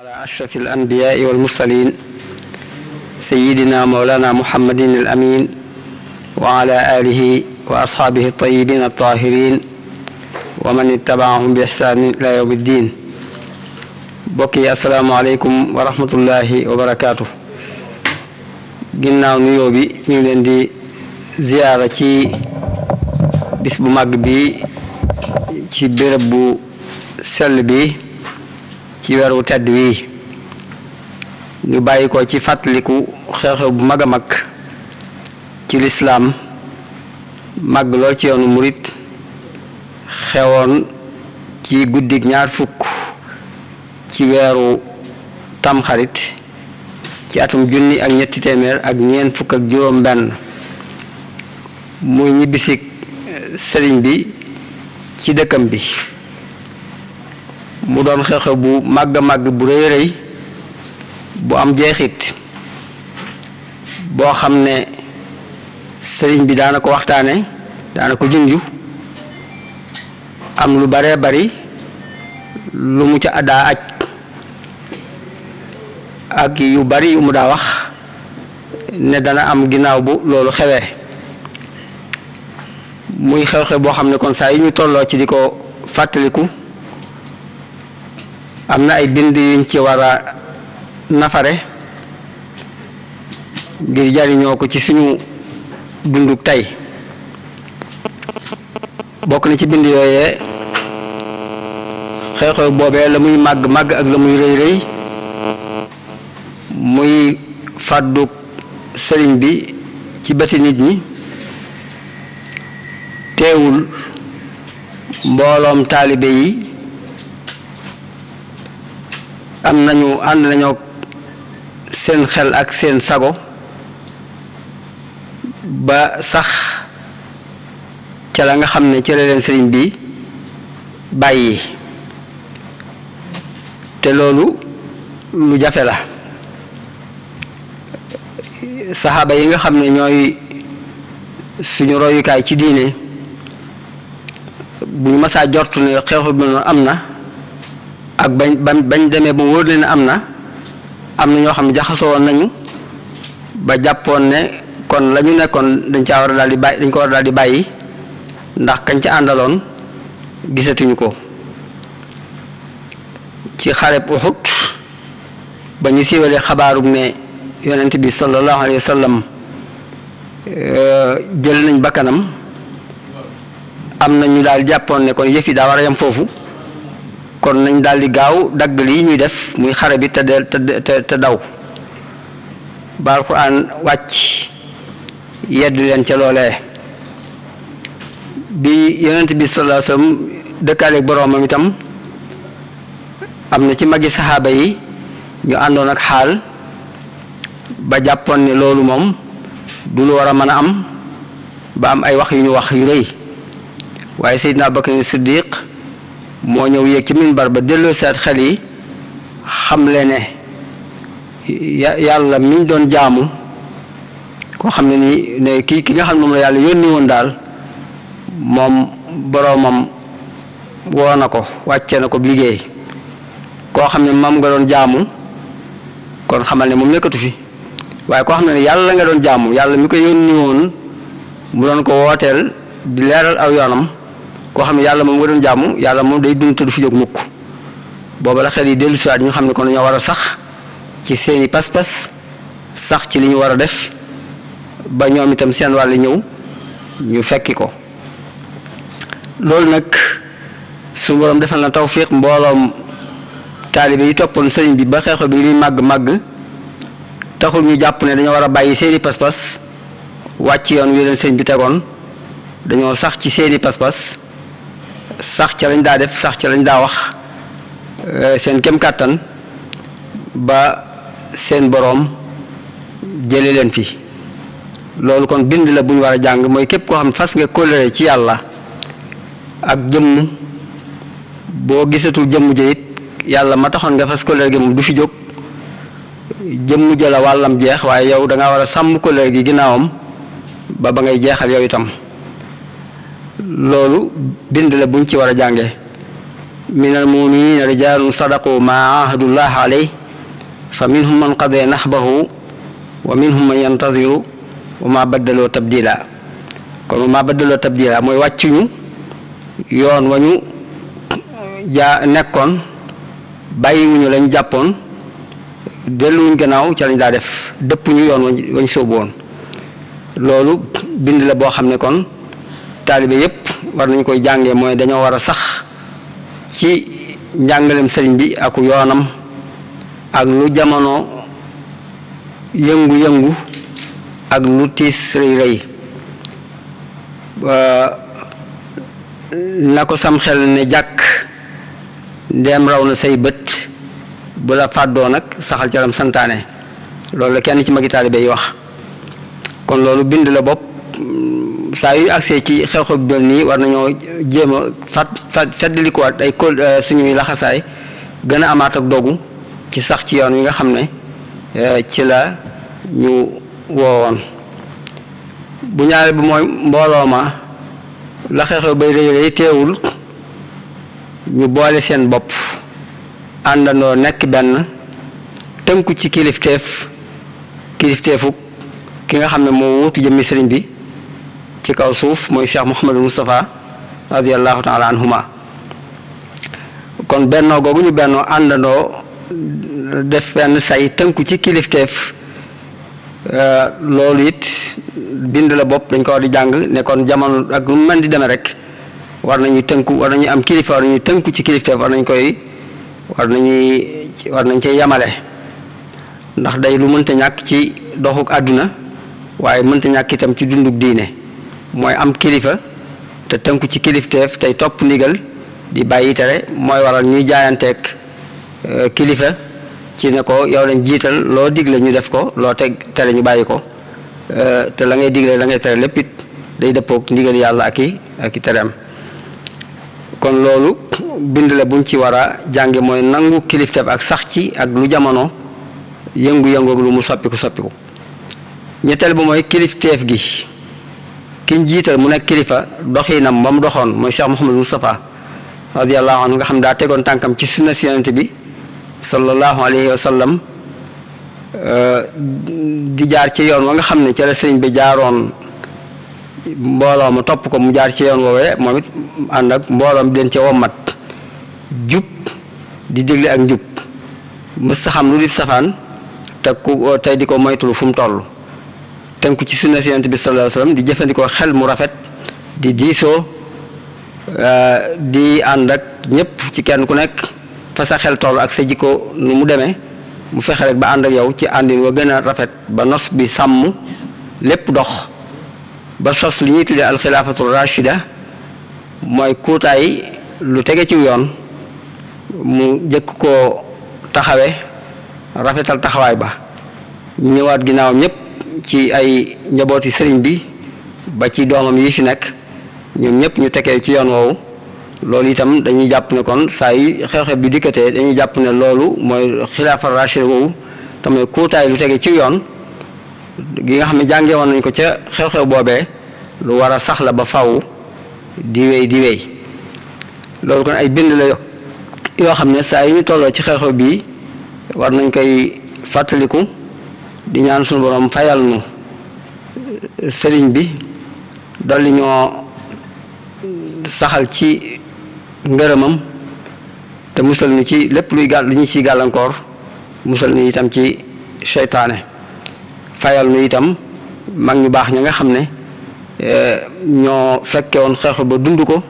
على أشرف الأنبياء والمرسلين سيدنا مولانا محمد الأمين وعلى آله وأصحابه الطيبين الطاهرين ومن اتبعهم بإحسان إلى يوم الدين bokki asalaamaaleykum wa rahmatullahi wa barakaatu ginnaaw nuyoo bi ñu leen di ziyaara ci bis bu mag bi ci béréb bu sell bi ci weeru tedd wi ñu bàyyi ko ci fàttaliku xew-xew bu mag a mag ci lislaam mag lool ci yoonu murit xewoon ci guddig ñaar fukk ci weeru tamxarit ci atum junni ak ñetti téeméer ak ñeent fukk ak juróom benn muy ñibbisig sëriñ bi ci dëkkam bi mu doon xew-xew bu màgg màgg bu rëy bu am jeexit boo xam ne sëriñ bi daana ko waxtaane daana ko junju am lu baree bari lu mu ca daa aj ak yu bari yu mu daa wax ne dana am ginnaaw bu loolu xewee muy xew-xew boo xam ne kon saa yi ñu tolloo ci di ko fàttaliku am na ay bind yuñ ci war nafare ngir jariñoo ko ci suñu dunduk tey bokk na ci bind yooye xew-xew boobee la muy màgg-màgg ak la muy rëy-rëy muy fàdduk sëriñ bi ci bëti nit ñi teewul mbooloom taalibe yi am nañu ànd nañoo seen xel ak seen sago ba sax ca la nga xam ne ca la bi bàyyi te loolu lu jafe la saxaaba yi nga xam ne ñooy suñu royukaay ci diine bu ñu masaa jortu ne xeexu bi noonu am na ak bañ bañ bañ demee ba mu wóor leen am na am na ñoo xam ne jaxasoo nañu ba jàppoon ne kon la ñu nekkoon dañ caa war a daal di bàyyi dañ ko daal di bàyyi ndax kañ ca àndaloon gisatuñu ko ci xareb Uhud ba ñu siiwalee xabaarug ne yonent bi sallallahu alayhi wa euh, jël nañ bakkanam am na ñu daal jàppoon ne kon yëf yi daa war a yem foofu. kon nañ daal di gaaw dagg lii ñuy def muy xare bi te del te te daw ba alxuraan wàcc yedd leen ca loolee bi yonent bi sallallahu alayhi wasallam dëkkaaleeg itam am na ci magi saxaaba yi ñu àndoon ak xaal ba jàppoon ne loolu moom du lu war a mën a am ba am ay wax yu ñu wax yu rëy waaye Seydina Abubakar Siddiq moo ñëw yéeg ci minbar ba delloo saat xel yi xam le ne yàlla miñ doon jaamu koo xam ne nii ne ki ki nga xam ne moom la yàlla yónni woon daal moom boroomam woo na ko wàcce na ko liggéey koo xam ne maam nga doon jaamu kon xamal ne moom nekkatu fi waaye koo xam ne yàlla nga doon jaamu yàlla mi ko yónni woon mu doon ko wooteel di leeral aw yoonam koo xam ne yàlla moom nga doon jaamu yàlla moom day dund te du fi jóg mukk booba la xel yi dellu siwaat ñu xam ne kon dañoo war a sax ci seeni pas-pas sax ci li ñu war a def ba ñoom itam seen wàll ñëw ñu fekki ko loolu nag su boroom defal na tawfiq mbooloom taalibe yi toppoon sëriñ bi ba xeexoo bi ngi màgg-màgg taxul ñu jàpp ne dañoo war a bàyyi seeni pas-pas wàcc yoon wi leen sëriñ bi tegoon dañoo sax ci seeni pas-pas sax ca lañ daa def sax ca lañ daa wax euh, seen kem kàttan ba seen boroom jële leen fi loolu kon bind la bu war a jàng mooy képp koo xam ne fas nga kóllëre ci yàlla ak jëmm boo gisatul jëmm ja it yàlla ma taxoon nga fas kóllëre gi moom du fi jóg jëmm ja la wàllam jeex waaye yow da war a sàmm kóllëre gi ginnaawam ba ba ngay jeexal yow itam loolu bind la buñ ci war a jànge minal muminina rijalun sadaqu ma ahadullah aley fa minhum man qadee nahbahu wa minhum man yantaziru wa ma baddaloo tabdila kon wa ma baddaloo tabdila mooy wàccuñu yoon wa ñu jaa nekkoon bàyyiwuñu lañ jàppoon delluwuñ gannaaw ca lañ daa def dëpp ñu yoon wañ sóobu woon loolu bind la boo xam ne kon taalibe yépp war nañu koy jàngee mooy dañoo war a sax ci njàngalem sëriñ bi ak yoonam ak lu jamono yëngu-yëngu ak lu tiis rëy rëy na ko sam xel ne jàkk dem raw na say bët bu la fàddoo nag saxal caram santaane loolu kenn ci magi taalibe yi wax kon loolu bind la bopp saa yu accès ci xew-xew bi mel nii war nañoo jéem a fat fat feddalikuwaat ay kol euh, suñuy laxasaay gën a amaat ak dogu ci sax ci yoon wi nga xam ne euh, ci la ñu wowoon bu ñaare bi mooy mbooloo ma la xew-xew bay rëy rëy teewul ñu boole seen bopp àndandoo nekk benn tënku ci kilifteef kilifteefuk ki nga xam ne moo wuutu jëmmi sëriñ bi ci kaw suuf mooy cheikh Mouhamadul Moustapha radiallahu taala anhuma kon bennoo googu ñu bennoo àndandoo def benn say tënku ci kilifteef euh, loolu it bind la bopp dañ ko war di jàng ne jamono ak di demee rek war nañu tënku war nañu am kilifa war nañu tënku ci kilifteef war nañ koy war nañuy war nañ cee yamale ndax day lu mënta ñàkk ci doxuk àdduna waaye mënta ñàkk itam ci dunduk diine mooy am kilifa te tënku ci kilifteef tey topp ndigal di bàyyi tere mooy waral ñuy jaayanteeg euh, kilifa ci ne ko yow lañ jiital loo digle ñu def ko loo teg tere ñu bàyyi ko euh, te la ngay digle la ngay tere lépp it day dëppoog ndigal yàlla ak i ak i tereem kon loolu bind la buñ ci war a jànge mooy nangu kilifteef ak sax ci ak lu jamono yëngu-yëngu ak lu mu soppiku soppiku ñetteel bu mooy kilifteef gi kiñ jiital mu nekk kilifa doxinam ba mu doxoon mooy Cheikh Mouhamadou Moustapha radiallahu anhu nga xam daa tegoon tànkam ci sunna si yonent bi sallallahu alayhi wa sallam euh, di jaar ci yoon wa nga xam ne ca la sëriñ bi jaaroon mbooloo ma topp ko mu jaar ci yoon woowee moom it ànd ak mbooloo mi den ca wommat jub di digle ak njub mës xam lu dib safaan te ku tey di ko moytul fu mu toll tenku ci sunna si bi sallallahu alayhi wa di jëfandikoo xel mu rafet di diisoo euh, di ànd ak ñëpp ci kenn ku nekk fa sa xel toll ak sa jikko nu mu demee mu fexe rek ba ànd ak yow ci àndin wa gën a rafet ba nos bi sàmm lépp dox ba sos li ñuy tuddee alxilaafatu rachida mooy kuutaay lu tege ci yoon mu jëkk koo taxawe rafetal taxawaay ba ñëwaat ginnaaw ñëpp ci ay njabooti sëriñ bi ba ci doomam yi fi nekk ñoom ñëpp ñu tege ci yoon woowu loolu itam dañuy jàpp ne kon saa yi xew-xew bi dikkatee dañuy jàpp ne loolu mooy xilaafa rachid woowu tamit kuutaay lu tege ci yoon gi nga xam ne jàngee woon nañ ko ca xew-xew boobee lu war a sax la ba faw di wéy di wéy loolu kon ay bind la yoo xam ne saa yi ñu tolloo ci xew-xew bii war nañ koy fàttaliku di ñaan suñu borom fayal nu sëriñ bi dolli ñoo saxal ci ngërëmam te musal ñu ci lépp luy gàll lu ñu ciy gàllankoor musal ñu itam ci seytaane fayal nu itam mag ñu baax ñu nga xam ne e, ñoo fekkewoon woon xeexu ba dund ko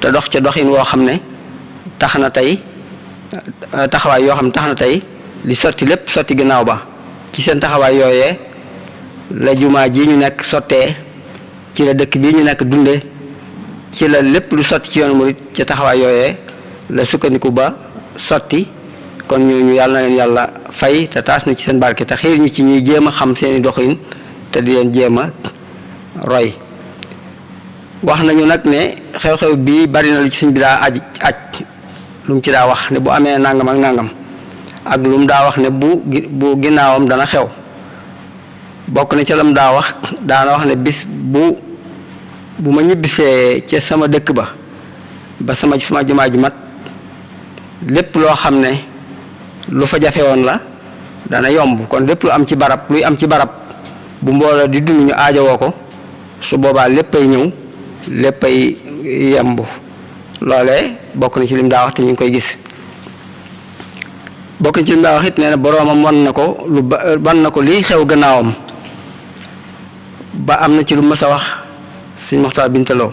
te dox ca doxin woo xam ne tax na tey taxawaay yoo xam ne tax na tey li sotti lépp sotti gannaaw ba ci seen taxawaay yooye la jumaa ji ñu nekk sottee ci la dëkk bii ñu nekk dunde ci la lépp lu sotti ci yoonu murit ci taxawaay yooyee la sukkandiku ba sotti kon ñooñu yàlla leen yàlla fay te taas na ci seen barke te xiir ñu ci ñuy jéem a xam seeni doxin te di leen jéem a roy wax nañu nag ne xew-xew bii bari na lu ci suñ bi aj aj lu mu ci daa wax ne bu amee nangam ak nangam ak lu mu daa wax ne bu bu ginnaawam dana xew bokk na ca lam daa wax daana wax ne bis bu bu ma ñibbisee ca sama dëkk ba ba sama sama jumaa ju mat lépp loo xam ne lu fa jafe la dana yomb kon lépp lu am ci barab luy am ci barab bu mbooloo di dund ñu aajowoo ko su boobaa léppay ñëw léppay yemb loole bokk na ci lim daa wax te ñu ngi koy gis bokk ci mbaax it nee na boroomam wan na ko lu ba wan na ko liy xew gannaawam ba am na ci lu mas a wax sëñ Maxtaar Bintaloo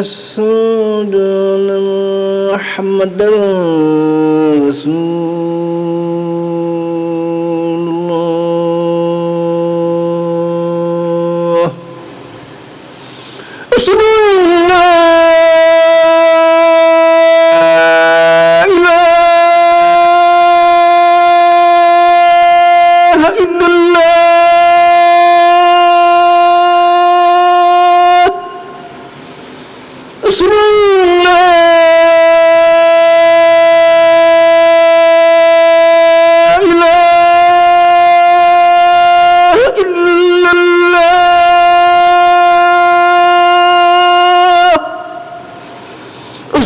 أشهد أن محمدا رسول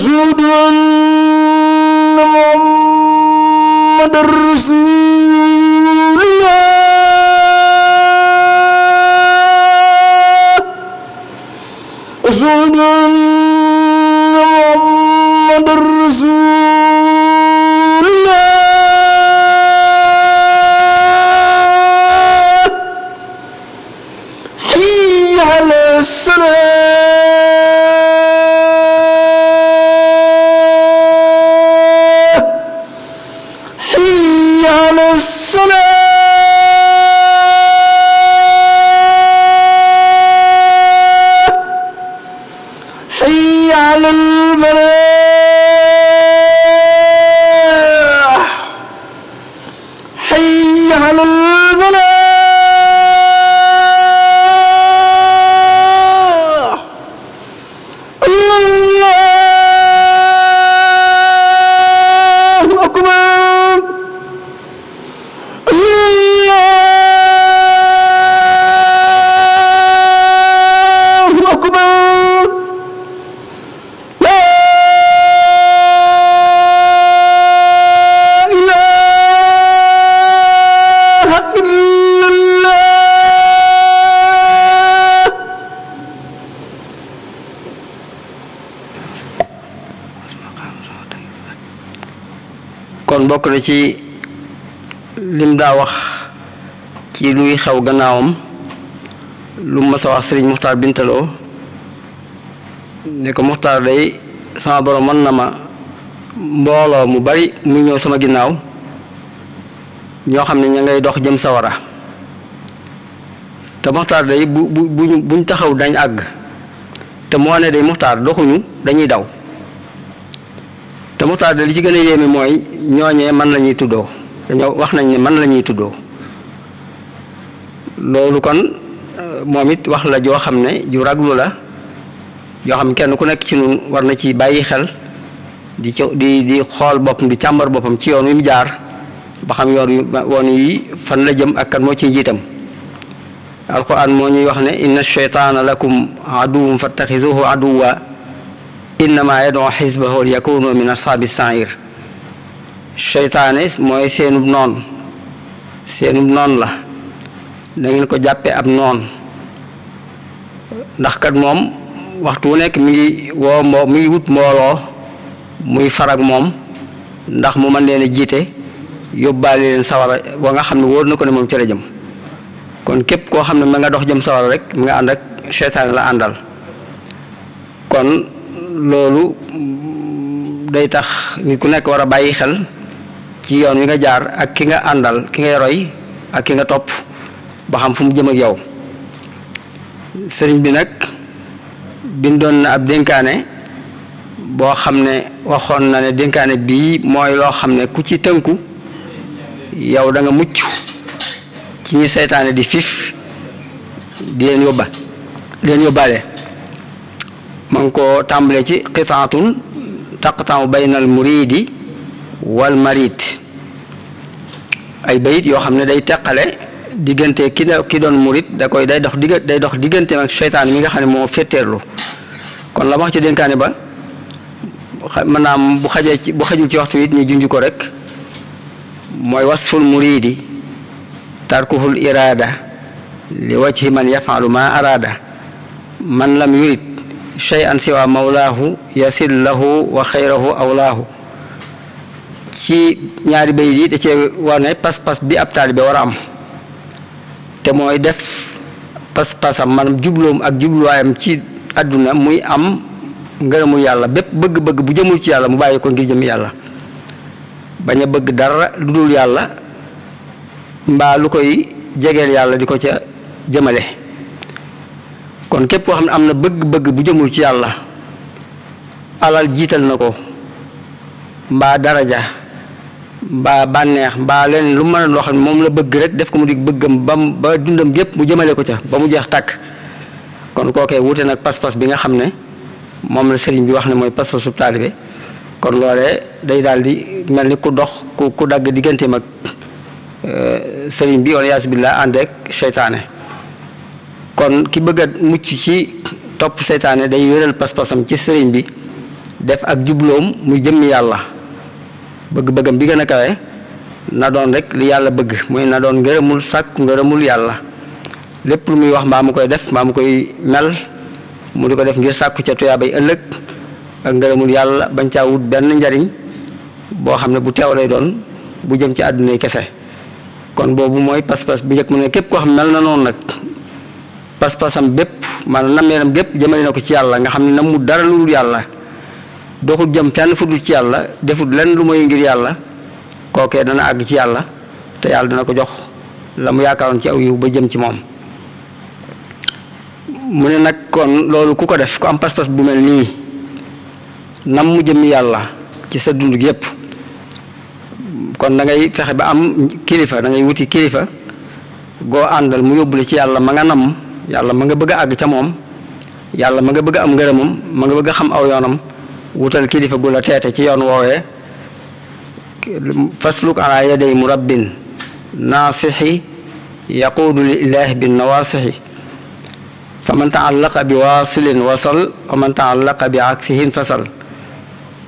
أشهد أن محمد رسول kon bokk na ci lim daa wax ci luy xew gannaawam lu mas a wax sëriñ muxtaar bintaloo ne ko muxtaar day sama borom mën na ma mbooloo mu bari mu ñëw sama ginnaaw ñoo xam ne ña ngay dox jëm sawara te muxtaar day bu bu buñ taxaw dañ àgg te moo ne day muxtaar doxuñu dañuy daw te murtaada li ci gën a yéeme mooy ñooñee man lañuy tuddoo dañoo wax nañ ne man lañuy tuddoo loolu kon euh, moom it wax la joo xam ne ju raglu la joo xam kenn ku nekk ci nun war na ci bàyyi xel di ci di di xool boppam di càmbar boppam ci yoon wi mu jaar ba xam yoon wi yi fan la jëm ak kan moo ci njiitam alquran moo ñuy wax ne inna sheytaana lakum aduwum fattaxisuhu aduwa innama yad'u hizbahu liyakunu min ashaabi sa'ir seytaane mooy seenub noon seenub noon la da ngeen ko jàppe ab noon ndax kat moom waxtu wu nekk mi ngi woo mbo mi ngi wut mbooloo muy farag moom ndax mu mën leen jiite yóbbaale leen sawara ba nga xam ne wóor na ko ne moom ci la jëm kon képp koo xam ne ma nga dox jëm sawara rek mi nga ànd ak seytaane la àndal kon loolu day tax nit ku nekk war a bàyyi xel ci yoon wi nga jaar ak ki nga àndal ki ngay roy ak ki nga topp ba xam fu mu jëm ak yow sëriñ bi nag bindoon na ab dénkaane boo xam ne waxoon na ne dénkaane bii mooy loo xam ne ku ci tënku yow danga mucc ci ñu seytaane di fiif di leen yóbba di leen yóbbaale ma ngi koo tàmbale ci qitaatun taqtaamu bayna al muridi wal marid ay bayit yoo xam ne day teqale diggante ki ki doon murid da koy day dox digg day dox diggante ak seytaan mi nga xam ne moo fétteerlu kon la wax ci dénkaane ba mën naa bu xajee ci xajul ci waxtu it ñu junj ko rek mooy wasful muridi tarkuhul iraada li wajhi man yafalu ma araada man lam yurid shay'an siwa mawlaahu yasil lahu wa xayrahu awlaahu ci ñaari bayit yi da cee war ne pas-pas bi ab taalibe war a am te mooy def pas-pasam maanaam jubloom ak jubluwaayam ci àdduna muy am ngërëmu yàlla bépp bëgg-bëgg bu jëmul ci yàlla mu bàyyi ko ngir jëm yàlla bañ a bëgg dara lu dul yàlla mbaa lu koy jegeel yàlla di ko ca jëmale kon képp koo xam ne am na bëgg-bëgg bu jëmul ci yàlla alal jiital na ko mbaa daraja mbaa bànneex mbaa leen lu mën a loo xam moom la bëgg rek def ko mu di bëggam ba ba dundam yépp mu jëmale ko ca ba mu jeex tàkk kon kookee wute nag pas-pas bi nga xam ne moom la sëriñ bi wax ne mooy pas-pasu taalibe kon loolee day daal di mel ni ku dox ku ku dagg digganteem ak euh, sëriñ bi wala yaas billah ànd ak seytaane kon ki bëgg a mucc ci topp seytaane day wéral pas-pasam ci sëriñ bi def ak jubloom muy jëmmi yàlla bëgg-bëggam bi gën a kawe na doon rek li yàlla bëgg mooy na doon ngërëmul sàkku ngërëmul yàlla lépp lu muy wax mbaa mu koy def mbaa mu koy mel mu di ko def ngir sàkku ca tuyaabay ëllëg ak ngërëmul yàlla bañ caa wut benn njariñ boo xam ne bu teew lay doon bu jëm ci àdduna kese kon boobu mooy pas-pas bu njëkk mu ne képp koo xam mel na noonu nag pas-pasam bépp maanaam nammeelam gépp jëmale na ko ci yàlla nga xam ne namu dara lu yàlla doxul jëm fenn fu dul ci yàlla deful lenn lu mooy ngir yàlla kookee dana àgg ci yàlla te yàlla dana ko jox la mu yaakaaroon ci aw yiw ba jëm ci moom mu ne nag kon loolu ku ko def ku am pas bu mel nii nam mu jëmmi yàlla ci sa dund gépp kon dangay ngay fexe ba am kilifa da ngay wuti kilifa goo àndal mu yóbbule ci yàlla ma nga nam yàlla ma nga bëgg a àgg ca moom yàlla ma nga bëgg a am ngërëmam ma nga bëgg a xam aw yoonam wutal kilifa gu la teete ci yoon woowee fasluk ala yaday murabbin naasixi yaquudu li ilaahi bin nawaasixi fa man taallaqa bi waasilin wasal wa man taallaqa bi aksihin fasal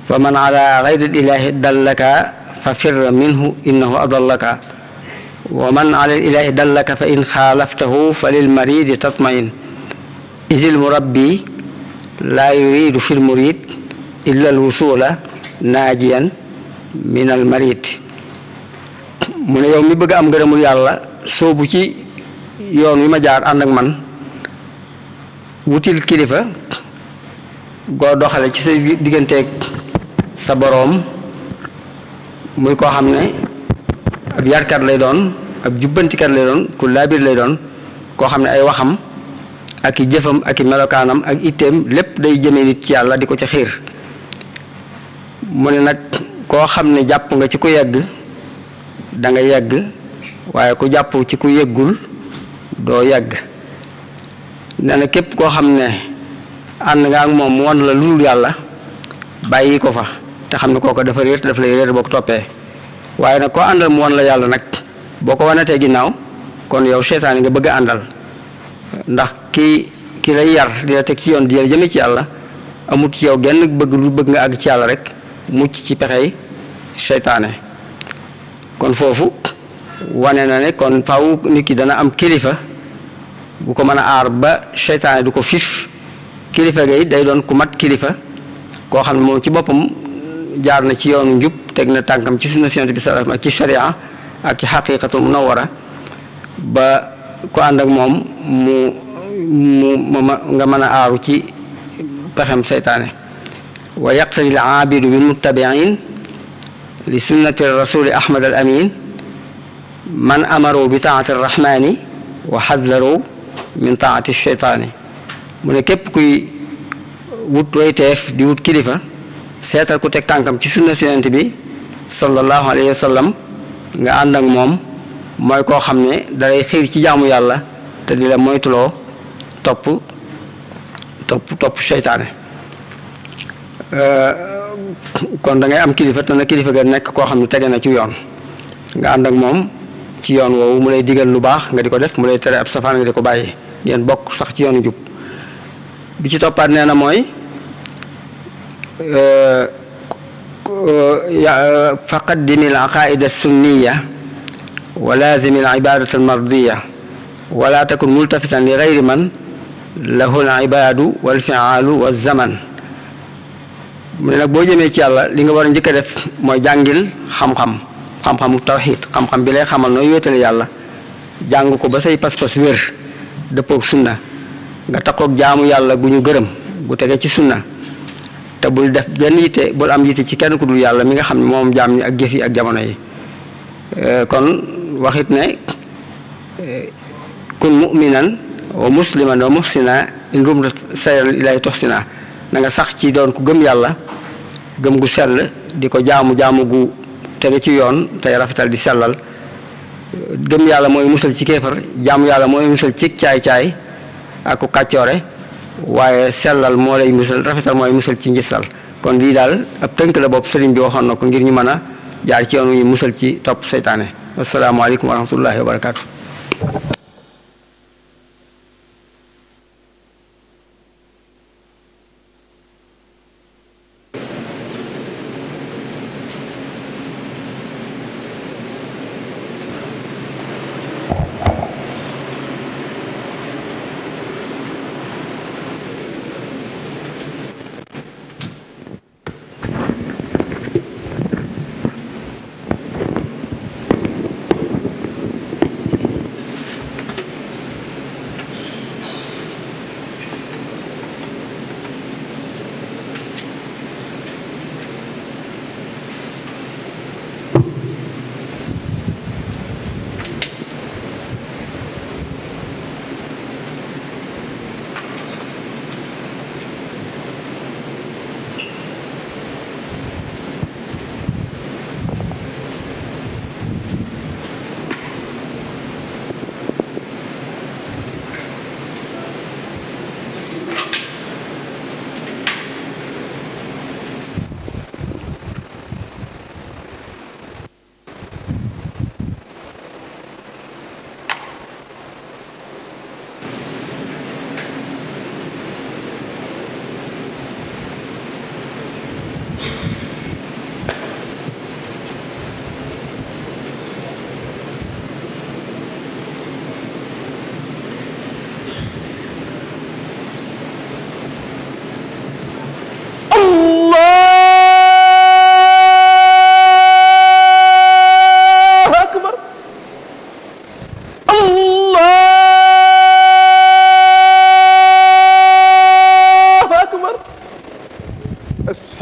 fa man ala gayri ilaahi dallaka fa firra minhu innahu adallaka wa man ala ilaahi dallaka fa in xaalaftahu fa lil maridi tatmain isil murabbi laa yuridu fi lmurid illa alwusula naajiyan min almarid mu ne yow mi bëgg am ngërëmul yàlla soobu ci yoon wi ma jaar ànd ak man wutil kilifa goo doxale ci sa digganteeg sa boroom muy koo xam ne ab yarkat lay doon ak jubbantikat lay doon ku laabir lay doon koo xam ne ay waxam ak i jëfam ak i melokaanam ak itteem lépp day jëmee nit ci yàlla di ko ci xiir mu ne nag koo xam ne jàpp nga ci ku yegg danga nga yegg waaye ku jàpp ci ku yeggul doo yegg ne nag képp koo xam ne ànd nga ak moom mu wan la lu dul yàlla bàyyi ko fa te xam ne kooku dafa réer dafa lay réer boo ko toppee waaye nag koo àndal mu wan la yàlla nag boo ko wanee wanatee ginnaaw kon yow seytaane nga bëgg àndal ndax ki ki lay yar di teg ci yoon di la jëme ci yàlla amut ci yow genn bëgg bëgg nga àgg ci yàlla rek mucc ci pexey seytaane kon foofu wane na ne kon faw nit ki dana am kilifa bu ko mën a aar ba seytaane du ko fif kilifa gay day doon ku mat kilifa koo xam ne moom ci boppam jaar na ci yoonu njub teg na tànkam ci sunna Yonent bi sallallahu ak ci sharia ak ci xaqiqatul munawara ba ku ànd ak moom mu mu nga mën a aaru ci pexem seytaane wa yaqtadi al aabidu bil muttabiin li sunnati rasuli ahmad al amin man amaru bi taati arrahmani wa xaddaru mu ne képp kuy wut di wut kilifa seetal ku teg tànkam ci sunna si yonent bi sallallahu alayhi wa nga ànd ak moom mooy koo xam ne dalay xiir ci jaamu yàlla te di la moytuloo topp topp topp seytaane euh, kon da ngay am kilifa te na kilifa ga nekk koo xam ne tege na ci yoon nga ànd ak moom ci yoon woowu mu lay digal lu baax nga di ko def mu lay tere ab safaan nga di ko bàyyi ngeen bokk sax ci yoonu jub bi ci toppaat nee na mooy euh, faqaddim alaqaida alsunniya wa lazim alibadata almardiya wala takun multafitan li gayri man lahu alibadu walfialu walzaman mu ne nag boo jëmee ci yàlla li nga war a njëkk a def mooy jàngil xam-xam xam-xamu tawxid xam-xam bi lay xamal nooy wéetale yàlla jàng ko ba say pas-pas wér dëppoog sunna nga takkoog jaamu yàlla gu ñu gërëm gu tege ci sunna te bul def benn yitte bul am yitte ci kenn ku dul yàlla mi nga xam ne moom jaam ñi ak jëf yi ak jamono yi euh, kon waxit ne euh, kun muminan wa musliman wa muhsina in rumta sayan ilay toxsina na nga sax ci doon ku gëm yàlla gëm gu sell di ko jaamu jaamu gu tege ci yoon tey rafetal di sellal gëm yàlla mooy musal ci kéefar jaamu yàlla mooy musal cig caay caay ak ku kàccoore waaye sellal moo lay musal rafetal mooy musal ci ngistal kon lii daal ab tënk la bopp sëriñ bi waxoon na ko ngir ñu mën a jaar ci yoon wu ñu musal ci topp seytaane asalaamaaleykum wa rahmatullahi wa barakaatu.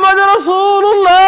محمد رسول الله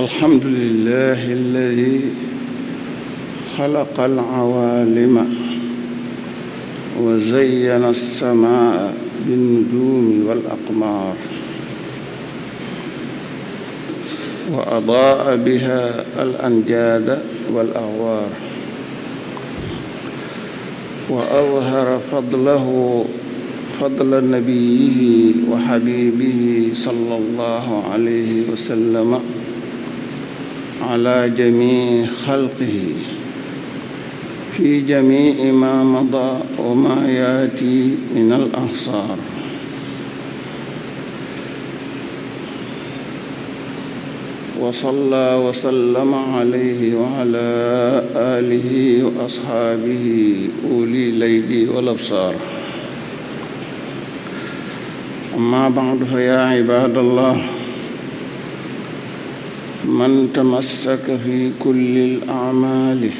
الحمد لله الذي خلق العوالم وزين السماء بالنجوم والأقمار وأضاء بها الأنجاد والأغوار وأظهر فضله فضل نبيه وحبيبه صلى الله عليه وسلم وعلى جميع خلقه في جميع ما مضى وما ياتي من الأخصار وصلى وسلم عليه وعلى آله وأصحابه أولي الأيدي والأبصار أما بعد فيا عباد الله من تمسك في كل الأعمال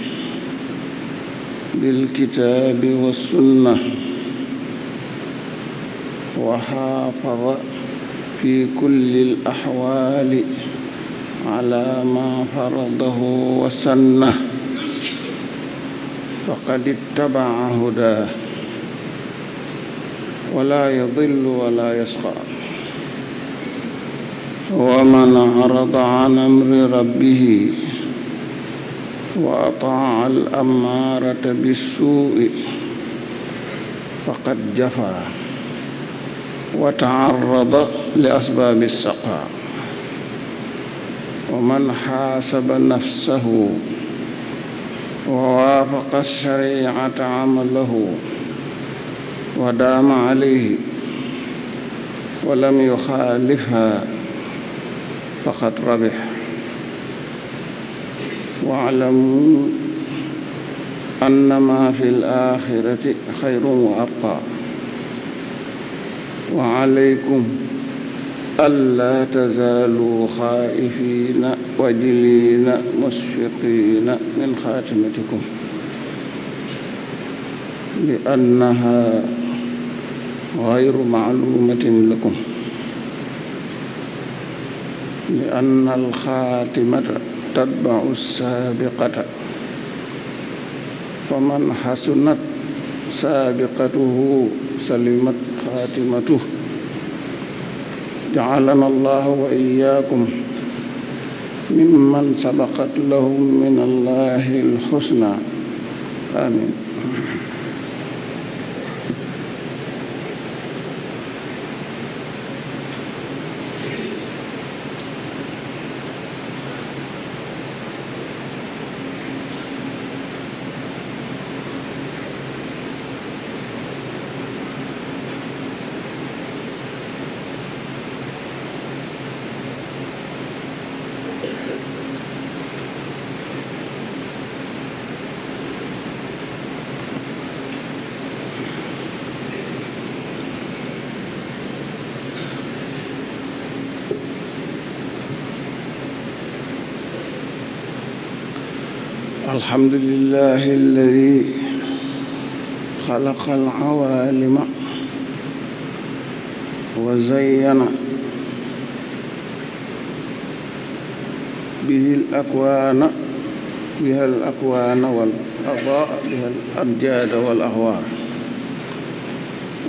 بالكتاب والسنة وحافظ في كل الأحوال على ما فرضه وسنه فقد اتبع هداه ولا يضل ولا يشقى ومن أعرض عن أمر ربه وأطاع الأمارة بالسوء فقد جفا وتعرض لأسباب السقاء ومن حاسب نفسه ووافق الشريعة عمله ودام عليه ولم يخالفها faqad rabih waalamu annama fi alaxirati xayrun wa abqa wa alaykum alla tazaalu xaa'ifiina wajiliina musfiqiina min xaatimatikum li annaha xayru maalumatin lakum li anna alxaatimata tatbau saabiqata fa man xasunat saabiqatuhu salimat xaatimatuhu jacalana allahu wa iyaakum mimman sabaqat lahum min allahi alxusna amin الحمد لله الذي خلق العوالم وزين به الأكوان بها الأكوان والأضاء بها الأبجاد والأهوار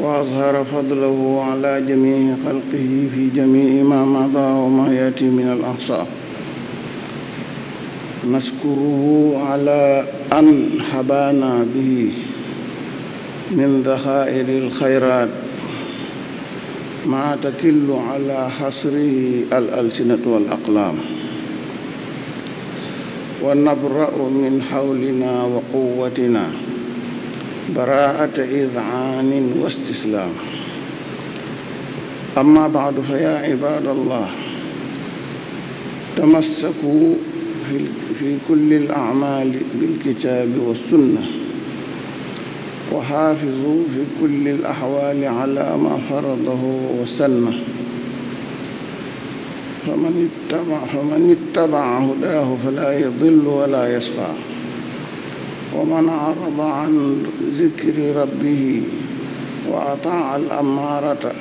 وأظهر فضله على جميع خلقه في جميع ما مضى وما يأتي من الأحصاف نشكره على أن حبانا به من ذخائر الخيرات ما تكل على حصره الألسنة والأقلام ونبرأ من حولنا وقوتنا براءة إذعان واستسلام أما بعد فيا عباد الله تمسكوا في في كل الأعمال بالكتاب والسنة وحافظوا في كل الأحوال على ما فرضه وسنه فمن اتبع فمن اتبع هداه فلا يضل ولا يشقى ومن أعرض عن ذكر ربه وأطاع الأمارة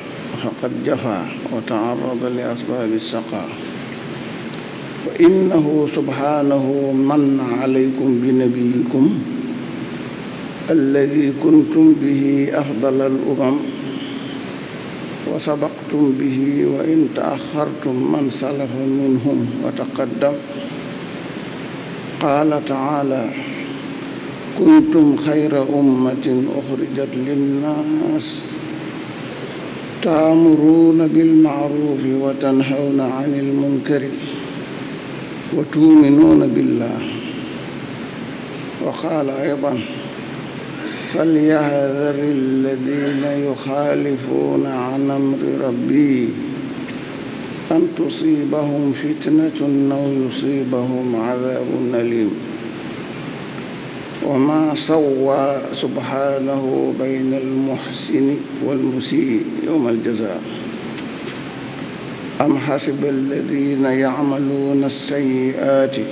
فقد جفا وتعرض لأسباب السقى fa innahu subhaanahu manna alaykum bi nabiyikum alladi kuntum bihi afdala al umam wa sabaqtum bihi wa in taaxartum man salafa minhum wa taqaddam qaala taala kuntum xayra ummatin uxrijat linnaas taamuruuna bilmaarufi wa tanhawna anil munkari wa tuuminuuna billah wa qaala aydan falyahdar alladina yuxaalifuuna an amri rabbi an tusiibahum fitnatun aw yusiibahum cadaabun aliim wa maa sawwaa subhaanahu bayna almuxsini walmusii yowma aljazaa am xasiba alladina yacmaluuna alsayiaati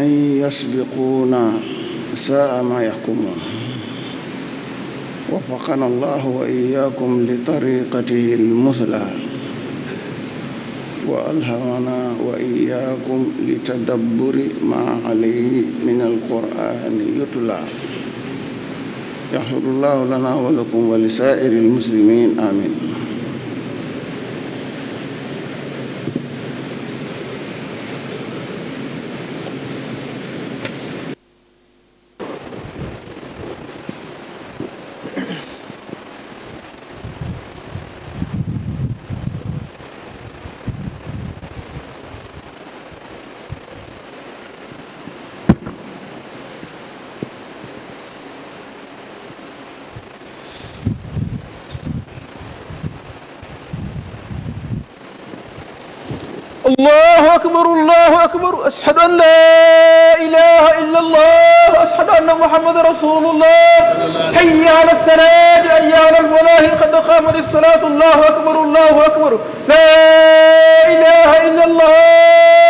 an yasbiquuna saa ma yaxkumuun wafaqana allahu wa iyaakum li tariqatihi almuthla wa alhamana wa iyaakum li tadabburi ma alayhi min alqur'ani yutla yaxfiru llahu lana wa lakum wa li saa'iri almuslimin amin أكبر أشهد أن لا إله إلا الله أشهد أن محمد رسول الله حي على السلام حي على الفلاح قد قامت الصلاة الله أكبر الله أكبر لا إله إلا الله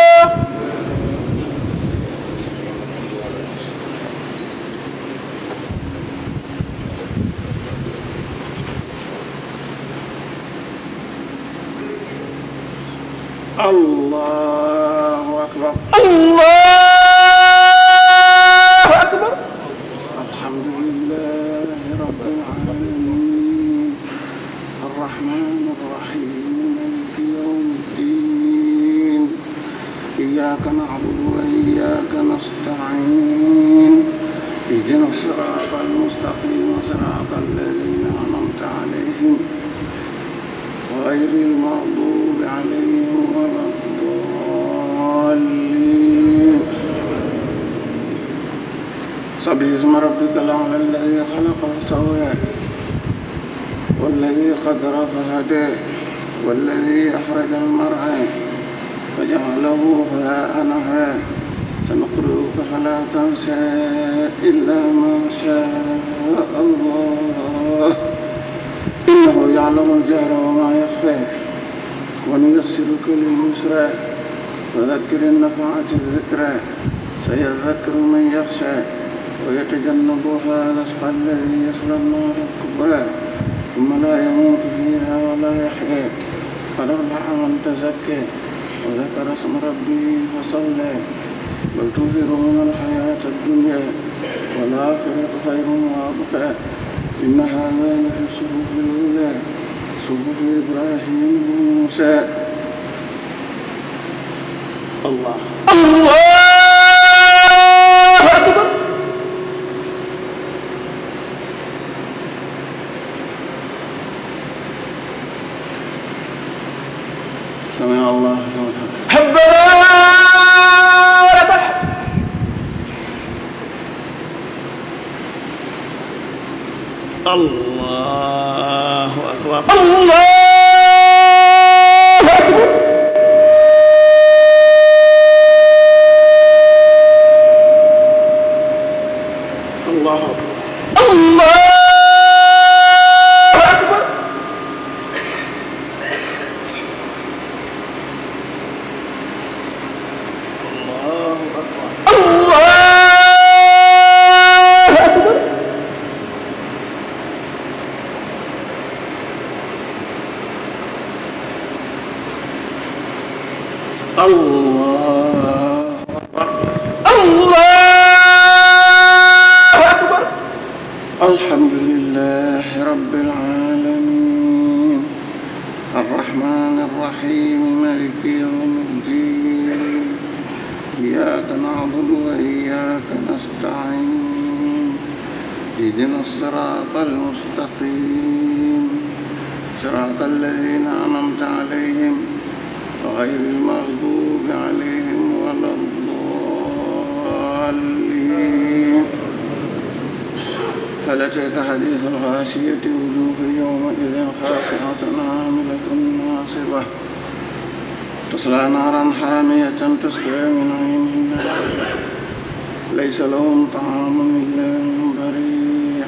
والغاشية وجوه يومئذ خاشعة عاملة ناصبة تصلى نارا حامية تسقى من عين ليس لهم طعام إلا من ضريع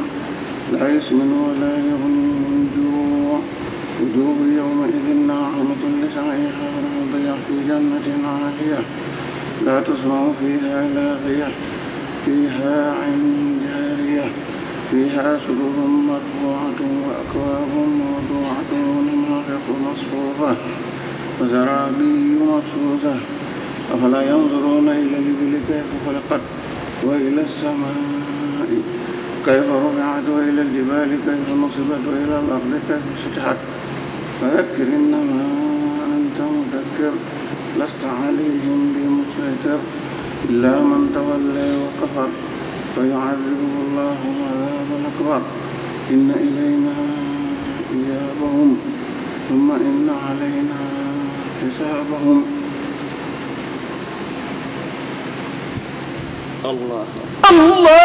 لا يسمن ولا يغني من جوع وجوه يومئذ ناعمة لسعيها راضية في جنة عالية لا تسمع فيها لاغية فيها عين فيها سرر مرفوعة وأكواب موضوعة ونمارق مصفوفة وزرابي مبسوسة أفلا ينظرون إلى الإبل كيف خلقت وإلى السماء كيف رفعت وإلى الجبال كيف نصبت وإلى الأرض كيف سطحت فذكر إنما أنت مذكر لست عليهم بمسيطر إلا من تولى وكفر فيعذبه الله العذاب الأكبر إن إلينا إيابهم ثم إن علينا حسابهم الله الله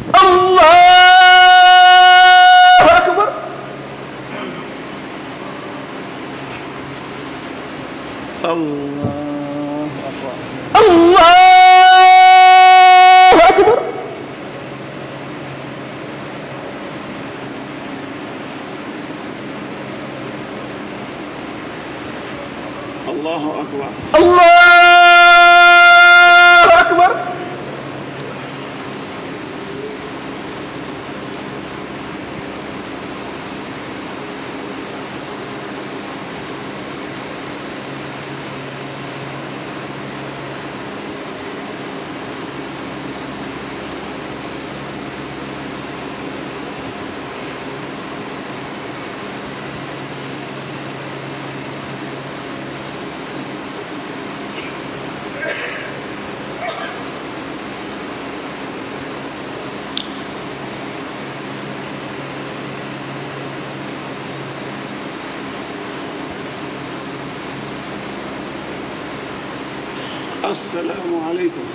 asalaamaaleykum.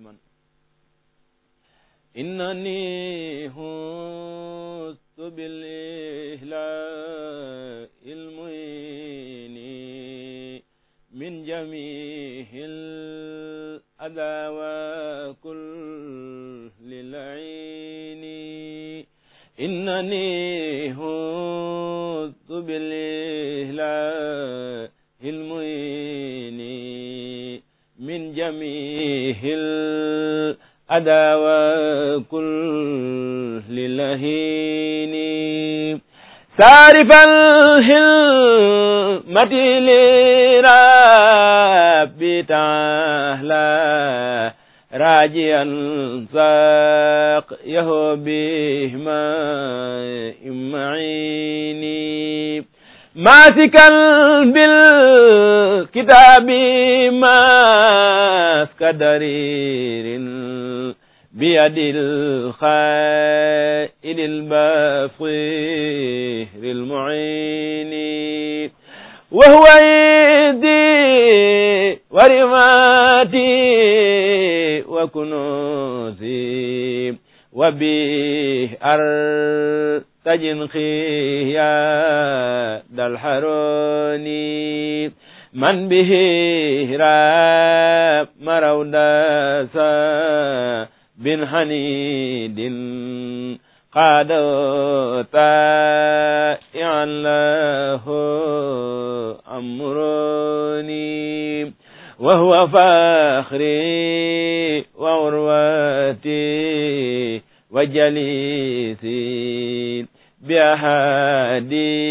مسلما إنني هزت بالإهلاء المين من جميع الأذى وكل العين إنني هزت بالإهلاء المين جميع الأدى وكل لهين سارف الهلمة لرب تعالى راجيا ساق يهو بهما إمعيني ماسكا بالكتاب ماسك درير بيد الخائن البصير المعين وهو يدي ورماتي وكنوزي وبه أرض تجن خياد الحروني من به هراب مروداسا بن حنيد قادوا تائعا له أمروني وهو فاخري وعروتي وجليسي بأهادي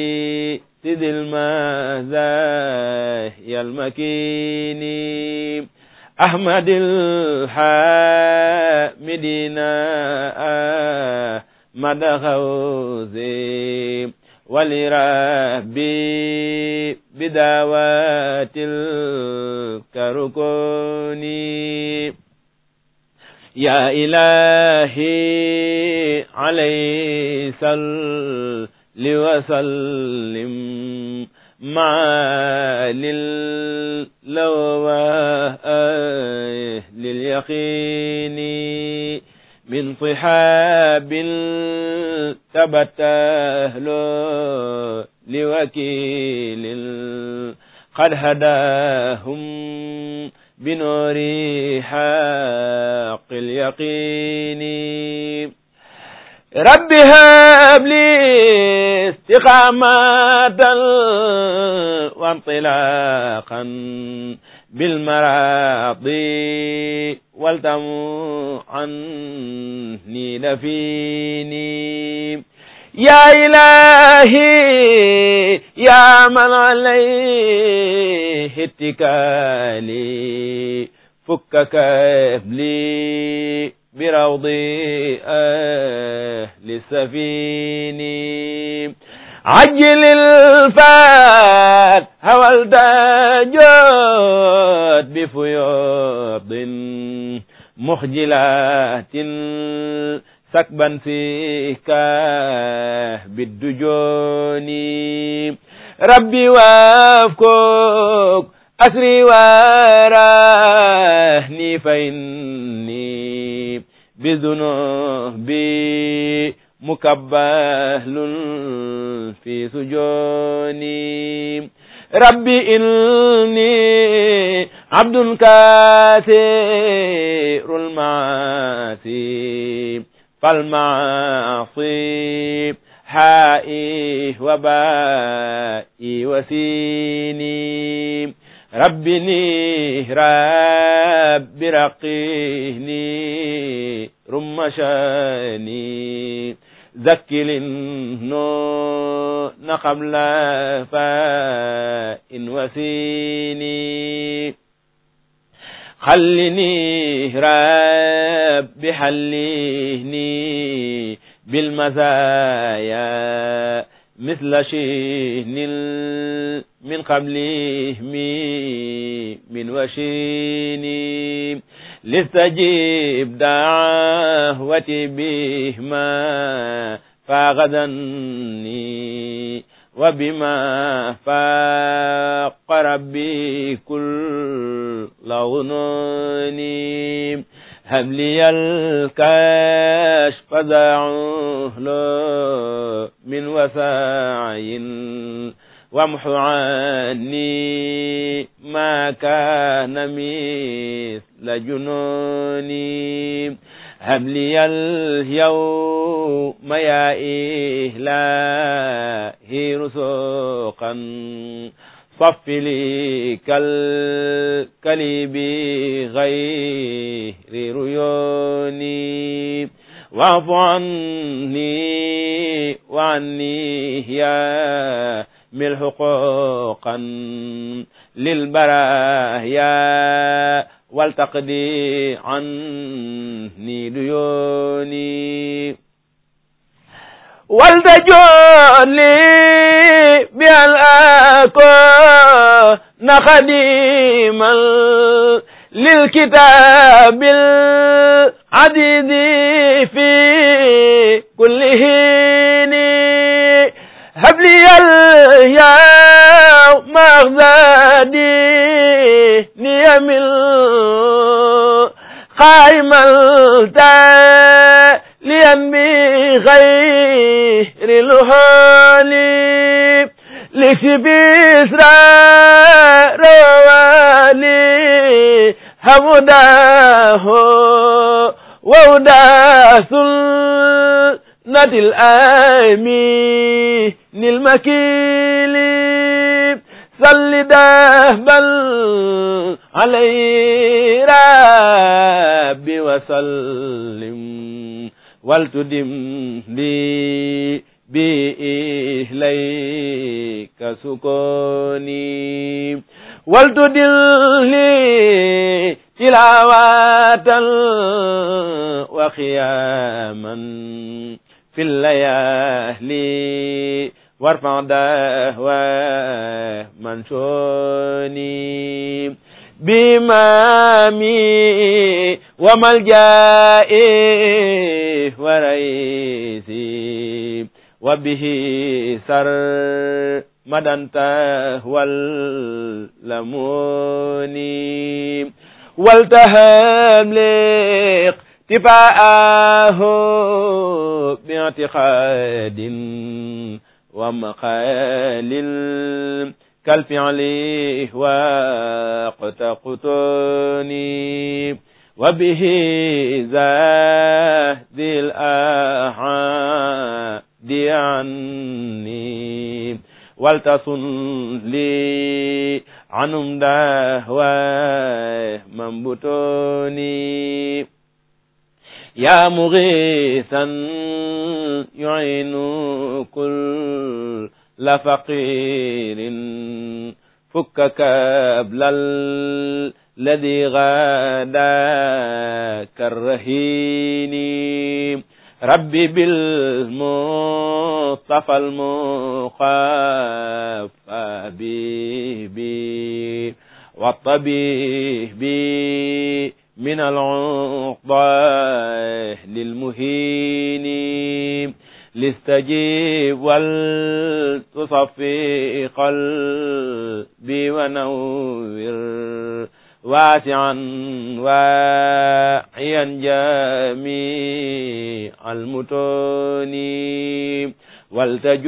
سيد المزايا المكين أحمد الحامدنا أحمد غوزي ولربي بدعوات الكركوني يا إلهي عليه صل وسلم مع للواه لليقين من صحاب تبته لوكيل قد هداهم بنور حق اليقين رب هب لي استقامة وانطلاقا بالمراضي والتم عني نفيني يا إلهي يا من عليه اتكالي فك كبلي بروض أهل سفيني عجل الفات هوى الدجود بفيوض محجلات سكبا فيك بالدجون ربي وافكك أسري ورهني فإني بذنوبي مكبل في سجوني ربي إني عبد كثير المعاصي فالمعاصي حائي وبائي وسيني ربني رب رقيني رمشاني ذكلن قبل فاء وسيني xallini rabbi xallini bilmasaya misla chinin min qablihmi min wachini listajib dawati bihma faagadanni وبما فاق ربي كل غنوني هب لي الكشف دعوه من وساعي وامحو عني ما كان مثل جنوني هب لي اليوم يا إلهي رزقا صف لي كالكلي بغير ريوني واعف عني وعني يا ملح حقوقا للبرايا والتقدي عني يديوني والتجوني بأن أكون خديما للكتاب العديد في كل حين هب لي اليوم أغزادي نيم قائم التاليا بغير الهول لكتب إسرار والي همداه وهدى سنة الآمين المكيل صل دهبا علي ربي وسلم والتدم لي بإهليك سكوني والتدم لي تلاوة وخياما في الليالي وارفع دهوى من شوني بمامي وملجائي ورئيسي وبه سر مدى تهوى اللموني والتهم لق تفاءه باعتقاد ومقال كالفعل وقت قطني وبه زاد الأحد عني والتصن لي عنهم دهوى من بطني يا مغيثا يعين كل فقير فك كبل الذي غداك الرهين ربي بالمصطفى المخفى به والطبيب من العقبى للمهين لاستجيب ولتصفي قلبي ونور واسعا واعيا جميع المتون والتجو